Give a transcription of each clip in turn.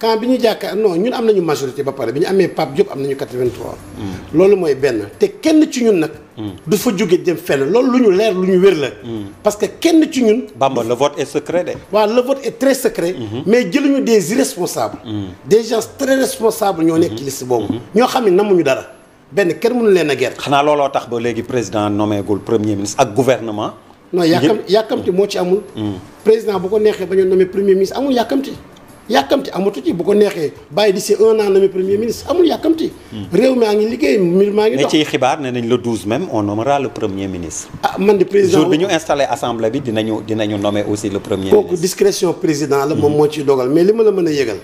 quand bi ñu jàkkaar non ñun am nañu majorité ba pare bi ñu amee Pape Diop am nañu 83. loolu mooy benn te kenn ci ñun nag. du fa jóge jëm fenn loolu lu ñu leer lu ñu wér la. parce que kenn ci ñun. Bamba le vote est secret de. waaw le vote est très secret. Mhm. mais ñu des irresponsables. Mhm. des gens très responsables ñoo nekk ci mhm. liste boobu. ñoo xam ne namuñu dara benn kenn mënu leen a ger. xanaa looloo tax ba léegi président nommé gul premier ministre ak gouvernement. non yàkkam yàkkamti moo ci amul. président bu ko neexee ba ñu nommé premier ministre amul yàkkamti. yàkkamti amatu ci bu ko neexee bàyyi d'ici un an nommé premier ministre amul yàkkamti. réew maa ngi liggéey mbir maa ngi dox. mais ci xibaar ne nañ le 12 même on nommera le premier ministre. ah man de président bi ñu installé assemblée bi dinañu dinañu nommer aussi le premier ministre. kooku discrétion président la moom mhm. moo ciy dogal mais li ma la mën a yëgal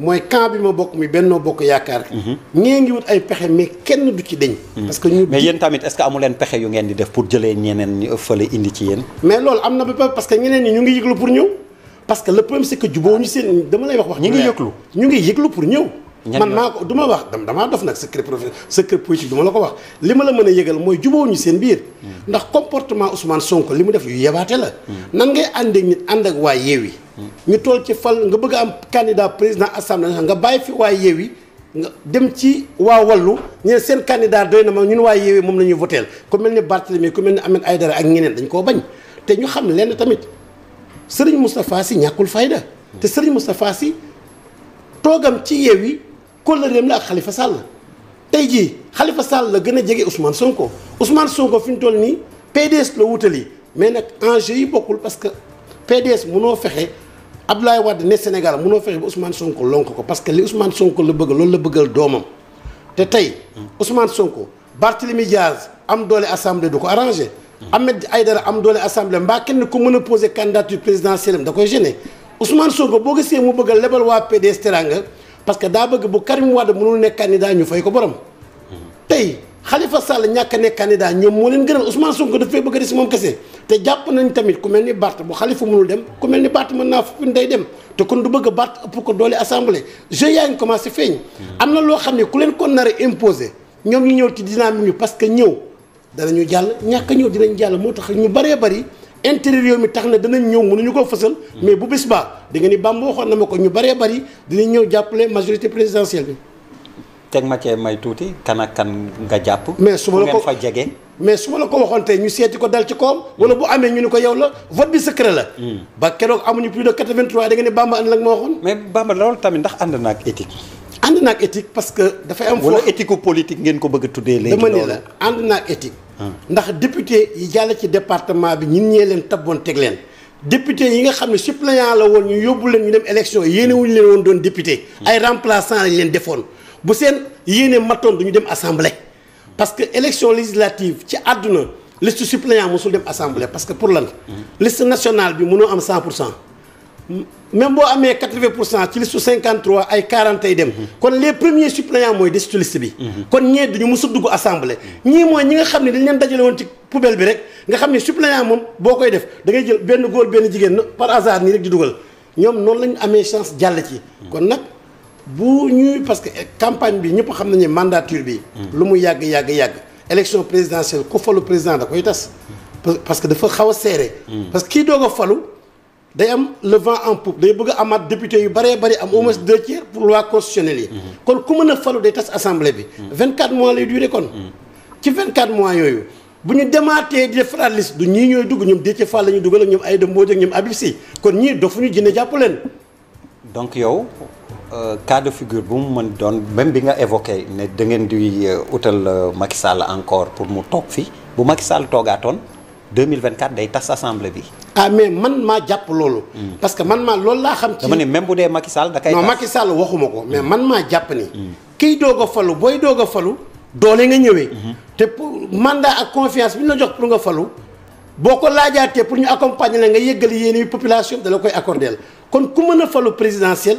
mooy camp bi ma bokk mi bennoo bokk yaakaar. Mhm. ñee ngi wut ay pexe mais kenn du ci deñ mhm. parce ñu mais ngeen di def pour jëlee ñeneen ñi fële indi ci yéen. ñu ngi yëglu pour parce que le problème c'est que juboo ñu seen dama lay wax wax. ñu ngi yëglu ñu ngi yëglu pour ñëw. man maa ko du ma wax damaa dof nag secret prof secret politique du ma la ko wax li ma la mën a yëgal mooy juboo ñu seen biir. Hmm. ndax comportement Ousmane Sonko li mu def yu yebaate la. Hmm. nan ngay ànd ak nit ànd ak yeew yi hmm. ñu tool ci fal nga bëgg a am candidat président assemblée nga bàyyi fi waa yi nga dem ci waa wallu ñeen seen candidat doy na ma ñun waa Yewwi moom la ñuy voteel ku mel ni Barthélemy ku ak ñeneen dañ koo bañ te ñu xam lenn tamit. sëriñ Moustapha Sy ñàkkul fayda te sëriñ Moustapha Sy toogam ci Yewwi kóllëreem la ak Khalifa Sall tey jii xalifa Sall la gën a jege Ousmane Sonko Ousmane Sonko fi ñu toll nii PDS la wutali mais nag enjeu yi bokkul parce que PDS mënoo fexe Abdoulaye Wade ne Sénégal mu noo fexe ba Ousmane Sonko lonk ko parce que li Ousmane Sonko la bëgg loolu la bëggal doomam te tey Ousmane Sonko Barthélemy Diaz am doole assemblée du ko arrangé ay Aïdara am doole assemblée mbaa kenn ku mën a poser candidature présidentielle da koy gêner Ousmane Sonko boo gisee mu bëgg a lebal waa PDS teranga parce que daa bëgg bu Karim Wade mënul nekk candidat ñu fay ko borom. tey Khalifa Sall ñàkk a nekk candidat ñoom moo leen gënal Ousmane Sonko dafay bëgg a des moom kese te jàpp nañ tamit ku mel ni Barth bu Khalifa mënul dem ku mel ni Barth mën naa fu day dem te kon du bëgg a Barth ëpp ko doole assemblée hmm. am na loo xam ne a imposer ñoom ñu ñëw ci dynamique parce que ñëw. dana danañu jàll ñàkk ñëw dinañ jàll moo tax ñu baree bari intérêt réew mi tax na danañ ñëw mënuñu koo fësal. mais bu bis baa da nga ni Bamba waxoon na ma ko ñu bëree bëri dinañ ñëw jàppale majorité présidentielle bi. teg ma may tuuti kan ak kan jàpp. mais su ma la ko fa jege. mais su ma la ko waxoon tey ñu seeti ko dal ci kawam. wala bu amee ñu ni ko yow la vote bi hmm. ba keroog amuñu plus de 83 da nga ni Bamba ànd la ak ma waxoon. mais Bamba loolu tamit ndax ànd na ak éthique. ànd na ak éthique parce que. dafay am foo wala éthique politique ngeen ko bëgg a tuddee. léegi loolu dama ne la ànd na ak éthique. ndax député yi jàll ci département bi ñun ñee leen taboon teg leen député yi nga xam ne suppléant la woon ñu yóbbu leen ñu dem élection yéene wuñu leen woon doon député ay remplaçant lañ leen defoon bu seen yéene du ñu dem assemblée parce que élection législative ci àdduna liste suppléant mosul dem assemblée parce que pour lan mm-hmm. liste nationale bi mënoo am 100 pour cent même boo amee quatre-vingt pour cent ci listu cinquante-trois ay quarante ay dem kon les premiers suppléants mooy des ci bi kon ñee duñu mës a dugg assemblée ñii ñi nga xam ne dañ leen dajale woon ci poubelle rek nga xam ne suppléant moom koy def da ngay jël benn góor benn jigéen par hasard nii rek di dugal ñoom noonu lañu amee chance jàll ci kon nag bu ñuy parce que campagne bi ñëpp xam nañu mandature bi lu mu yàgg yàgg yàgg élection présidentielle ku falu président da koy tas parce que dafa xaw a serré mm. parce que kii doog a falu day am le vent en poupe day bëgg amaat député yu bëree bëri am au moins deux tiers pour loi constitutionnelle yi. kon ku mën a falu day tas assemblée bi. 24 mois lay duré kon. ci 24 mois yooyu bu ñu demaatee di defaraat liste du ñii ñooy dugg ñoom Déthié Fall la ñuy dugal ak ñoom Aïda Mbodj ak ñoom Habib kon ñii dofuñu jënd jàpp leen. donc yow euh, cas de figure bu mu mën doon même bi nga évoqué ne da ngeen di euh, utal euh, Macky Sall encore pour mu toog fi bu Macky Sall toogaatoon 2024 day tas assemblée bi. ah mais man maa jàpp loolu. Hmm. parce que man maa loolu laa xam. ci dama ne même bu dee Macky Sall da kay non Macky Sall waxuma ko mais hmm. man maa jàpp ni. Hmm. kiy doog a falu booy doog a falu. doole nga ñëwee. te pour mandat ak confiance bi ñu la jox pour nga falu. boo ko laajaatee pour ñu accompagner la nga yëggal yéen i population dala koy accordeel kon ku mën a falu présidentiel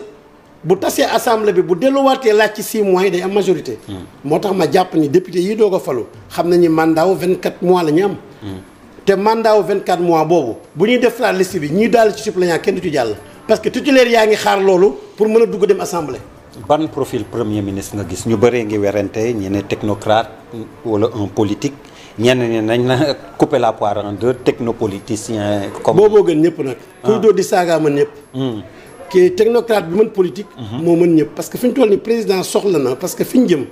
bu tasee assemble bi bu delluwaatee laaj ci six mois day am majorité. moo tax ma jàpp ni député yi doog falu xam nañu mandat wu vingt quatre mois la ñu te mandat vingt 24 mois boobu bu ñuy def liste bi ñuy daal ci suppléant kenn du ci jàll parce que titulaire yaa ngi xaar loolu pour mën a dugg dem assemblée. ban profil premier ministre nga gis ñu bëree ngi werante ñi ne technocrate wala un politique ñenn ñi nañ na couper la poire en deux technopoliticien. comme booboo gën ñëpp nag. Ah. kuy dóor di saagaa mën ñëpp. Hmm. ki technocrate bi mën politique. Mhm. moo mën ñëpp parce que fi ñu toll ni président soxla parce que fi ñu jëm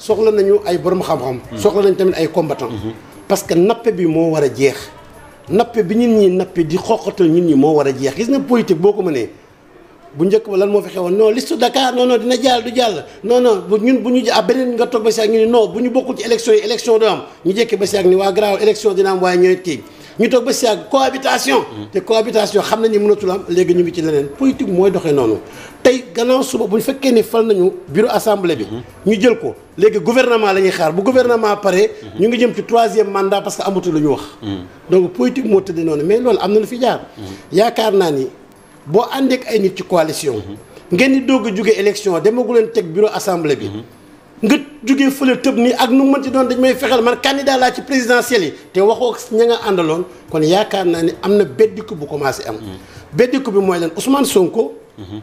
soxla nañu ay borom xam-xam. Hmm. soxla nañ tamit ay combattant. Mhm. parce que nappe bi moo war a jeex nappe bi ñun ñi nappe di xoqatal ñun ñi moo war a jeex gis nga politique boo ko mënee bu njëkk ba lan moo fi xewoon non liste Dakar non non dina jàll du jàll non non bu ñun bu ñu ah beneen nga toog bu ñu bokkul ci élection yi élection du am ñu jékki ba si ak ni waa garaaw élection dina am waaye ñooy kii ñu toog ba si ak cohabitation. Mm. te cohabitation xam na nañu mënatul am léegi ñu ngi ci leneen politique mooy doxee noonu. tey gannaaw suba bu ñu fekkee ni fal nañu bureau assemblée bi. Mm-hmm. ñu jël ko léegi gouvernement la ñuy xaar bu gouvernement pare mm-hmm. ñu ngi jëm ci troisième mandat parce que amatu lu ñu wax. Mm. donc politique moo tëdd noonu mais loolu am na lu fi jaar. Mm-hmm. yaakaar naa ni boo àndeek ay nit ci coalition. ngeen di doog a jóge élection demagu leen teg bureau assemblée bi. nga jugee fële tëb nii ak nu man ci doon dañ may fexeel man candidat laa ci présidentielle yi te waxoo ña nga àndaloon kon yaakaar naa ni am na beddiku bu commencé am. beddiku bi mooy leen Ousmane Sonko.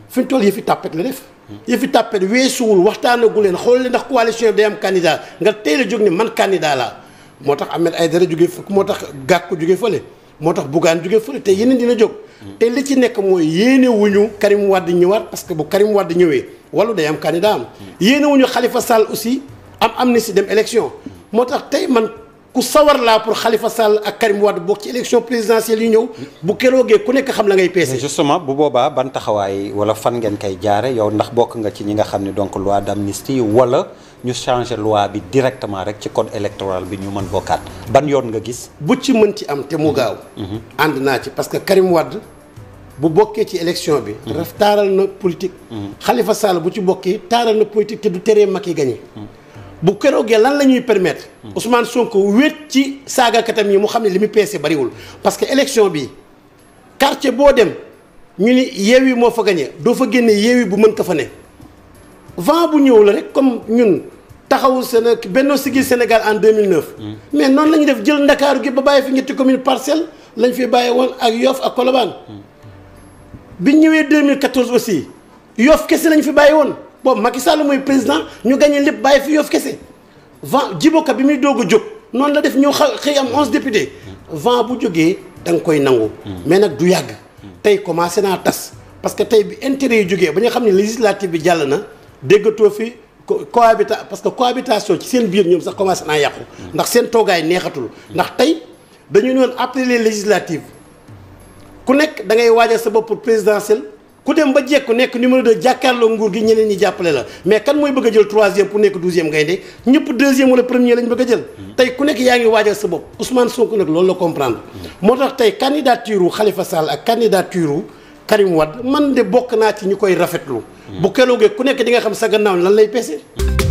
fi ñu toll yëfi tàppet la def. yëfi tàppet weesuwul waxtaanagu leen xool leen ndax coalition day am candidat nga teel a jóg ni man candidat laa moo tax ay Ahmed Aïdara jugee moo tax Gakou jugee fële. moo tax Bougane jóge fële te yeneen dina jóg. te li ci nekk mooy yéene wuñu Karim Wade ñëwaat parce que bu Karim Wade ñëwee wàllu day am candidat am. yéene wuñu Khalifa Sall aussi am amnistie dem élection. moo tax tey man ku sawar laa pour xalifa Sall ak Karim Wade bokk ci élection présidentielle yi ñëw. bu keroogee ku nekk xam la ngay peese. justement bu boobaa bantaxawaay taxawaay wala fan ngeen koy jaare yow ndax bokk nga ci ñi nga xam ne donc loi d'amnistie wala. ñu changer loi bi directement rek ci code électoral bi ñu mën bokkaat ban yoon nga gis. bu ci mën ci am te mu mhm. gaaw. Mhm. ànd naa ci parce que Karim Wade bu bokkee ci élection bi. Mhm. raf taaral na politique. xalifa Sall bu ci bokkee taaral na politique te du teree yi gagné. bu keroogee lan la ñuy permettre. Ousmane Sonko wéet ci saagakatam yi mu xam ne li mu peese bariwul parce que élection bi quartier boo dem ñu ni yi moo fa gagné doo fa génne Yewwi bu mën fa ne bu taxawu Séné Benno Siggil Sénégal en 2009. Mm. mais noonu la ñu def jël ndakaaru gi ba bàyyi fi ñetti commune parcelle lañ fi bàyyi woon ak Yoff ak Colobane. Mm. bi ñëwee 2014 aussi Yoff kese lañ fi bàyyi woon boobu Macky Sall mooy président ñu gagné lépp bàyyi fi Yoff kese. vent jiboka bi muy doog a jóg noonu la def ñëw xa xëy am 11 députés. Mm. vent bu jógee da nga koy nangu. mais nag du yàgg. tey commencé naa tas parce que tey bi intérêt yi jógee ba nga xam ne législative bi jàll na déggatoo fi. cohabita parce que cohabitation ci seen biir ñoom sax commencé naa yàqu. ndax seen toogaay neexatul. ndax tey dañu noon woon après ku nekk da ngay waajal sa bopp pour présidentielle ku dem ba jekku nekk numéro 2 jàkkaarloo nguur gi ñeneen ñi jàppale la mais kan mooy bëgg a jël troisième pour nekk douzième gaynde ñëpp deuxième wala premier lañ bëgg a jël. tey ku nekk yaa ngi waajal sa bopp Ousmane Sonko nag loolu la comprendre. moo tax tey candidature Khalifa Sall ak candidature Karim Wade man de bokk naa ci ñu koy rafetlu. bu keroogee ku nekk di nga xam sa gannaaw lan lay pese.